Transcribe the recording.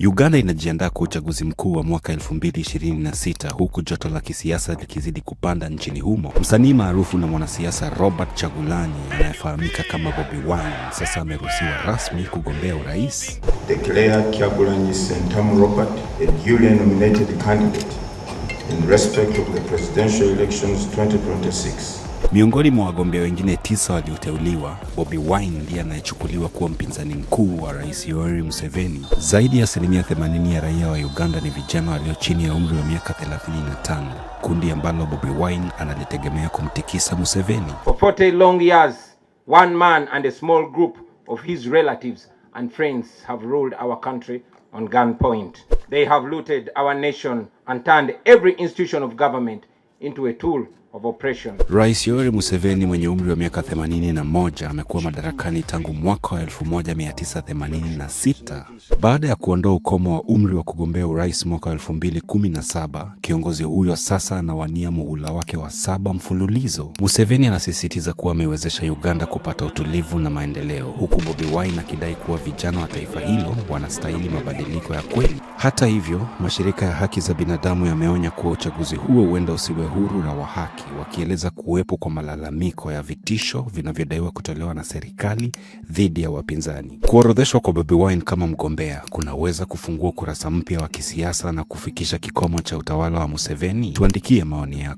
Uganda inajiandaa kwa uchaguzi mkuu wa mwaka 2026 huku joto la kisiasa likizidi kupanda nchini humo. Msanii maarufu na mwanasiasa Robert Chagulanyi anayefahamika kama Bobi Wine sasa ameruhusiwa rasmi kugombea urais. Declare Kyagulanyi Ssentamu Robert a duly nominated candidate in respect of the presidential elections 2026. Miongoni mwa wagombea wengine tisa walioteuliwa, Bobi Wine ndiye anayechukuliwa kuwa mpinzani mkuu wa Rais Yoweri Museveni. Zaidi ya asilimia 80 ya raia wa Uganda ni vijana walio chini ya umri wa miaka 35, kundi ambalo Bobi Wine analitegemea kumtikisa Museveni. For 40 long years, one man and a small group of his relatives and friends have ruled our country on gunpoint. They have looted our nation and turned every institution of government into a tool Rais Yoweri Museveni mwenye umri wa miaka 81 amekuwa madarakani tangu mwaka wa 1986 baada ya kuondoa ukomo wa umri wa kugombea urais mwaka wa 2017. Kiongozi huyo sasa anawania muhula wake wa saba mfululizo. Museveni anasisitiza kuwa amewezesha Uganda kupata utulivu na maendeleo, huku Bobi Wine akidai kuwa vijana wa taifa hilo wanastahili mabadiliko ya kweli. Hata hivyo, mashirika ya haki za binadamu yameonya kuwa uchaguzi huo huenda usiwe huru na wa haki haki wakieleza kuwepo kwa malalamiko ya vitisho vinavyodaiwa kutolewa na serikali dhidi ya wapinzani. Kuorodheshwa kwa Bobi Wine kama mgombea kunaweza kufungua ukurasa mpya wa kisiasa na kufikisha kikomo cha utawala wa Museveni. Tuandikie maoni yako.